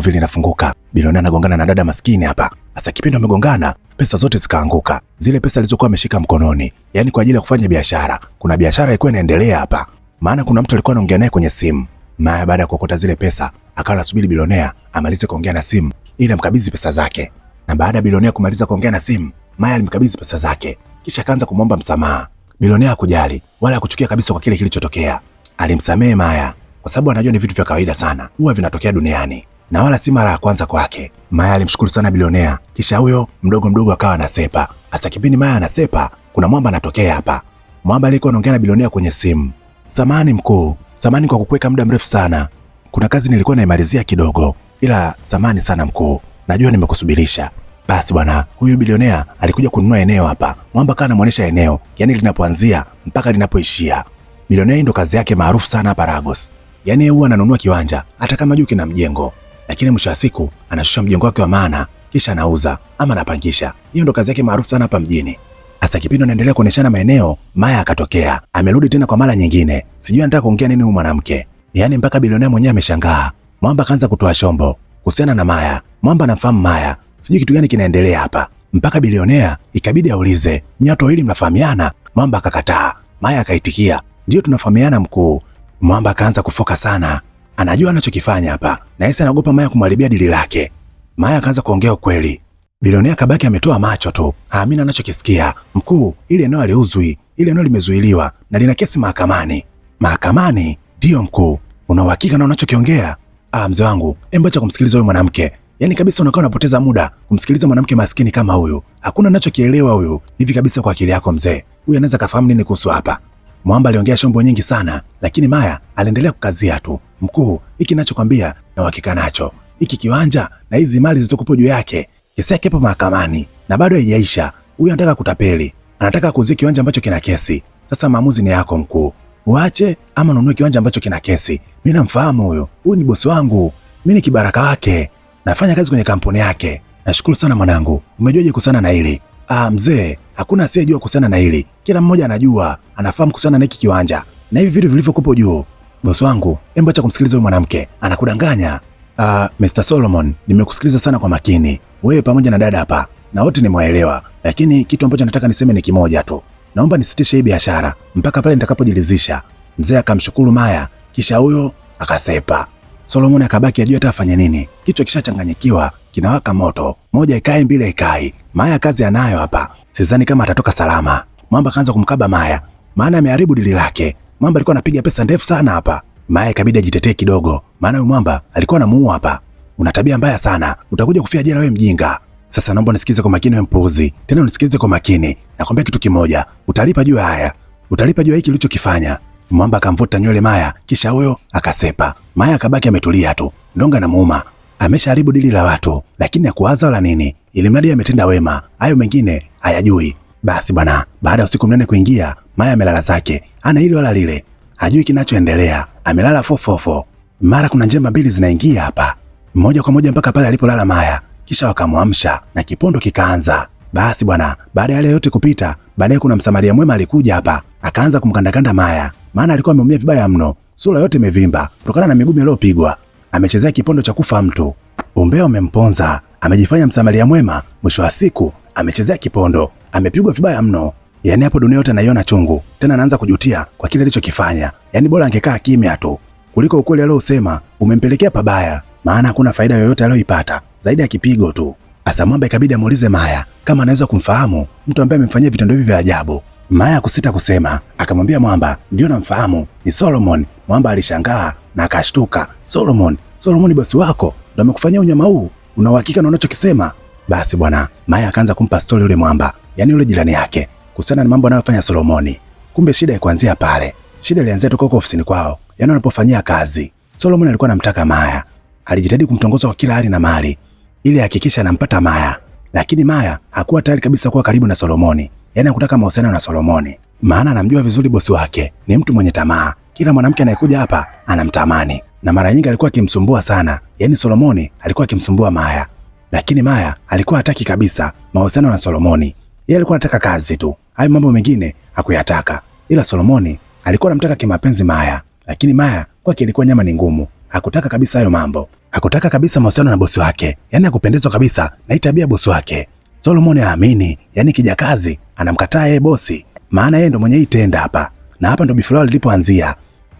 vile inafunguka, bilionea anagongana na dada maskini hapa. Sasa kipindi wamegongana, pesa zote zikaanguka, zile pesa alizokuwa ameshika mkononi, yaani kwa ajili ya kufanya biashara. Kuna biashara ilikuwa inaendelea hapa, maana kuna mtu alikuwa anaongea naye kwenye simu. Maya baada ya kuokota zile pesa akawa anasubiri bilionea amalize kuongea na simu ili amkabidhi pesa zake, na baada ya bilionea kumaliza kuongea na simu, Maya alimkabidhi pesa zake, kisha akaanza kumwomba msamaha. Bilionea hakujali wala hakuchukia kabisa kwa kile kilichotokea, alimsamehe Maya kwa sababu anajua ni vitu vya kawaida sana, huwa vinatokea duniani na wala si mara ya kwanza kwake. Maya alimshukuru sana bilionea, kisha huyo mdogo mdogo akawa anasepa. Hasa kipindi Maya anasepa, kuna mwamba anatokea hapa. Mwamba alikuwa anaongea na bilionea kwenye simu. Samani mkuu, samani kwa kukuweka muda mrefu sana, kuna kazi nilikuwa naimalizia kidogo, ila samani sana mkuu, najua nimekusubirisha. Basi bwana, huyu bilionea alikuja kununua eneo hapa. Mwamba kana anamuonesha eneo, yani linapoanzia mpaka linapoishia. Bilionea ndo kazi yake maarufu sana hapa Lagos, yani huwa ananunua kiwanja hata kama juu kina mjengo lakini mwisho wa siku anashusha mjengo wake wa maana, kisha anauza ama anapangisha. Hiyo ndo kazi yake maarufu sana hapa mjini. Hasa kipindi anaendelea kuoneshana maeneo, Maya akatokea, amerudi tena kwa mara nyingine. Sijui anataka kuongea nini huyu mwanamke, yaani mpaka bilionea mwenyewe ameshangaa. Mwamba akaanza kutoa shombo kuhusiana na Maya. Mwamba anamfahamu Maya, sijui kitu gani kinaendelea hapa mpaka bilionea ikabidi aulize, nyie watu wawili mnafahamiana? Mwamba akakataa, Maya akaitikia, ndio tunafahamiana mkuu. Mwamba akaanza kufoka sana anajua anachokifanya hapa, na Esi anaogopa Maya kumharibia dili lake. Maya akaanza kuongea ukweli. Bilionea kabaki ametoa macho tu, haamini anachokisikia. Mkuu, ile eneo aliuzwi, ile eneo limezuiliwa na lina kesi mahakamani. Mahakamani? Ndio mkuu. Una uhakika na unachokiongea? Ah, mzee wangu, embe acha kumsikiliza huyu mwanamke. Yaani kabisa unakaa unapoteza muda kumsikiliza mwanamke maskini kama huyu. Hakuna anachokielewa huyu. Hivi kabisa kwa akili yako mzee. Huyu anaweza kafahamu nini kuhusu hapa? Mwamba aliongea shombo nyingi sana, lakini Maya aliendelea kukazia tu. Mkuu, hiki nachokwambia na uhakika nacho, hiki kiwanja na hizi mali zilizokupo juu yake, kesi yake ipo mahakamani na bado haijaisha. Huyu anataka kutapeli, anataka kuuzia kiwanja ambacho kina kesi. Sasa maamuzi ni yako mkuu, uache ama ununue kiwanja ambacho kina kesi. Mimi namfahamu huyo, huyu ni bosi wangu, mimi ni kibaraka wake, nafanya kazi kwenye kampuni yake. Nashukuru sana mwanangu, umejua je kuhusiana na hili? Ah mzee, hakuna asiyejua kuhusiana na hili. Kila mmoja anajua, anafahamu kuhusiana na hiki kiwanja na hivi vitu vilivyokupo juu. Bosi wangu, hebu acha kumsikiliza huyu mwanamke, anakudanganya. Uh, ah, Mr. Solomon, nimekusikiliza sana kwa makini, wewe pamoja na dada hapa, na wote nimewaelewa, lakini kitu ambacho nataka niseme ni kimoja tu. Naomba nisitishe hii biashara mpaka pale nitakapojiridhisha. Mzee akamshukuru Maya, kisha huyo akasepa. Solomon akabaki ajua hata afanye nini, kichwa kishachanganyikiwa, kinawaka moto, moja ikae mbili ikae. Maya kazi anayo hapa, sidhani kama atatoka salama. Mwamba akaanza kumkaba Maya, maana ameharibu dili lake. Mwamba alikuwa anapiga pesa ndefu sana hapa. Maya ikabidi ajitetee kidogo, maana huyu Mwamba alikuwa anamuua hapa. Una tabia mbaya sana, utakuja kufia jela wewe mjinga. Sasa naomba unisikilize kwa makini, wewe mpuzi, Tena unisikize kwa makini, nakwambia kitu kimoja, utalipa juu haya, utalipa juu ya hiki ulichokifanya. Mwamba akamvuta nywele Maya, kisha huyo akasepa. Maya akabaki ametulia tu, ndonga na muuma. Ameshaharibu dili la watu, lakini akuwaza wala nini, mradi ametenda wema, hayo mengine hayajui. Basi bwana, baada ya usiku mnene kuingia, Maya amelala zake, ana hili wala lile, hajui kinachoendelea, amelala fofofo. Mara kuna njema mbili zinaingia hapa, moja kwa moja mpaka pale alipolala Maya, kisha wakamwamsha na kipondo kikaanza. Basi bwana, baada ya yale yote kupita, baadaye kuna msamaria mwema alikuja hapa, akaanza kumkandakanda Maya, maana alikuwa ameumia vibaya mno, sura yote imevimba kutokana na migumu iliyopigwa, amechezea kipondo cha kufa mtu. Umbea umemponza, amejifanya msamaria mwema, mwisho wa siku amechezea kipondo, amepigwa vibaya mno. Yaani hapo dunia yote anaiona chungu, tena anaanza kujutia kwa kile alichokifanya. Yaani bora angekaa kimya tu kuliko ukweli aliosema umempelekea pabaya, maana hakuna faida yoyote aliyoipata zaidi ya kipigo tu. Asamwamba ikabidi amuulize Maya kama anaweza kumfahamu mtu ambaye amemfanyia vitendo hivi vya ajabu. Maya kusita kusema, akamwambia Mwamba, ndio namfahamu, ni Solomon. Mwamba alishangaa na akashtuka, Solomon? Solomon bosi wako ndo amekufanyia unyama huu? Una uhakika na unachokisema? Basi bwana, Maya akaanza kumpa stori yule mwamba, yani yule jirani yake, kuhusiana na mambo anayofanya Solomoni. Kumbe shida ya pale, shida ilianzia toka huko ofisini kwao, yani wanapofanyia kazi. Solomoni alikuwa anamtaka Maya, alijitahidi kumtongoza kwa kila hali na mali ili hakikisha anampata Maya, lakini Maya hakuwa tayari kabisa kuwa karibu na Solomoni, yani hakutaka mahusiano na Solomoni, maana anamjua vizuri bosi wake ni mtu mwenye tamaa. Kila mwanamke anayekuja hapa anamtamani, na mara nyingi alikuwa akimsumbua sana, yaani Solomoni alikuwa akimsumbua Maya lakini Maya alikuwa hataki kabisa mahusiano na Solomoni. Yeye alikuwa anataka kazi tu, hayo mambo mengine hakuyataka. Ila Solomoni alikuwa anamtaka kimapenzi Maya, lakini Maya kwake ilikuwa nyama ni ngumu, hakutaka kabisa hayo mambo, hakutaka kabisa mahusiano na bosi wake, yani hakupendezwa kabisa na hii tabia bosi wake. Solomoni haamini, yaani kija kazi anamkataa yeye bosi, maana yeye ndo mwenye hii tenda hapa, na hapa ndo bifulao lilipoanzia.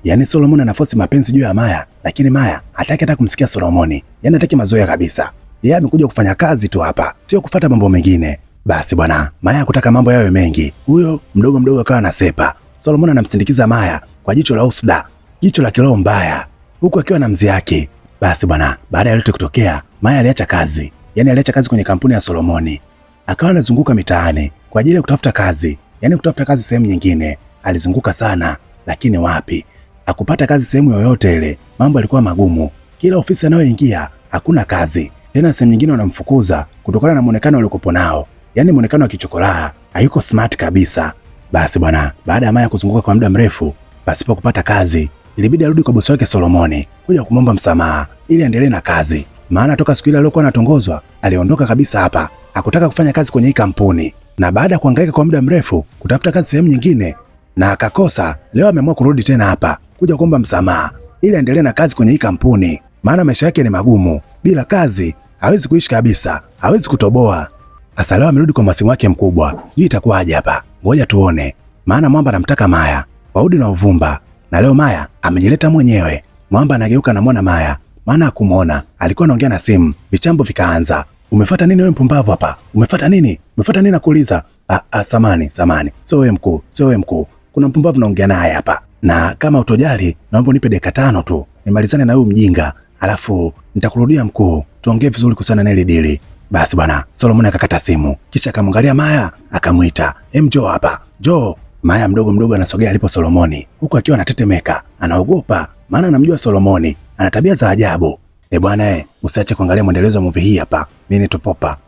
Yaani Solomoni anafosi mapenzi juu ya Maya, lakini Maya hataki hata kumsikia Solomoni, yaani hataki mazoea kabisa yeye amekuja kufanya kazi tu hapa, sio kufata mambo mengine. Basi bwana, Maya kutaka mambo yawe mengi, huyo mdogo mdogo akawa anasepa. Solomon anamsindikiza Maya kwa jicho la usuda, jicho la kiroho mbaya, huku akiwa na mzi yake. Basi bwana, baada ya yote kutokea, Maya aliacha kazi, yani aliacha kazi kwenye kampuni ya Solomoni, akawa anazunguka mitaani kwa ajili ya kutafuta kazi, yani kutafuta kazi sehemu nyingine. Alizunguka sana, lakini wapi, akupata kazi sehemu yoyote ile. Mambo yalikuwa magumu, kila ofisi anayoingia hakuna kazi tena sehemu nyingine wanamfukuza kutokana na muonekano aliokuwa nao, yaani muonekano wa kichokoraa, hayuko smart kabisa. Basi bwana, baada ya Maya kuzunguka kwa muda mrefu pasipo kupata kazi, ilibidi arudi kwa bosi wake Solomoni kuja kumwomba msamaha ili aendelee na kazi, maana toka siku ile aliyokuwa anatongozwa aliondoka kabisa hapa, hakutaka kufanya kazi kwenye hii kampuni. Na baada ya kuhangaika kwa muda mrefu kutafuta kazi sehemu nyingine na akakosa, leo ameamua kurudi tena hapa kuja kuomba msamaha ili aendelee na kazi kwenye hii kampuni, maana maisha yake ni magumu bila kazi hawezi kuishi kabisa, hawezi kutoboa. Sasa leo amerudi kwa mwasimu wake mkubwa, sijui itakuwaje hapa, ngoja tuone, maana mwamba anamtaka Maya kwa udi na uvumba, na leo Maya amejileta mwenyewe. Mwamba anageuka namwona Maya, maana akumwona alikuwa anaongea na simu. Vichambo vikaanza, umefata nini wewe mpumbavu hapa, umefata nini, umefata nini nakuuliza. Ah, ah, samani samani, sio wewe mkuu, sio wewe mkuu, kuna mpumbavu naongea naye hapa, na kama utojali, naomba unipe dakika tano tu nimalizane na huyu mjinga alafu nitakurudia mkuu, tuongee vizuri kuhusiana na ile dili. Basi bwana Solomon akakata simu, kisha akamwangalia Maya akamwita, emjo hapa jo. Maya mdogo mdogo anasogea alipo Solomoni, huku akiwa anatetemeka, anaogopa maana anamjua Solomoni, ana tabia za ajabu. E bwana, eh, usiache kuangalia mwendelezo wa movie hii hapa. Mimi ni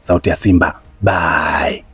sauti ya Simba. Bye.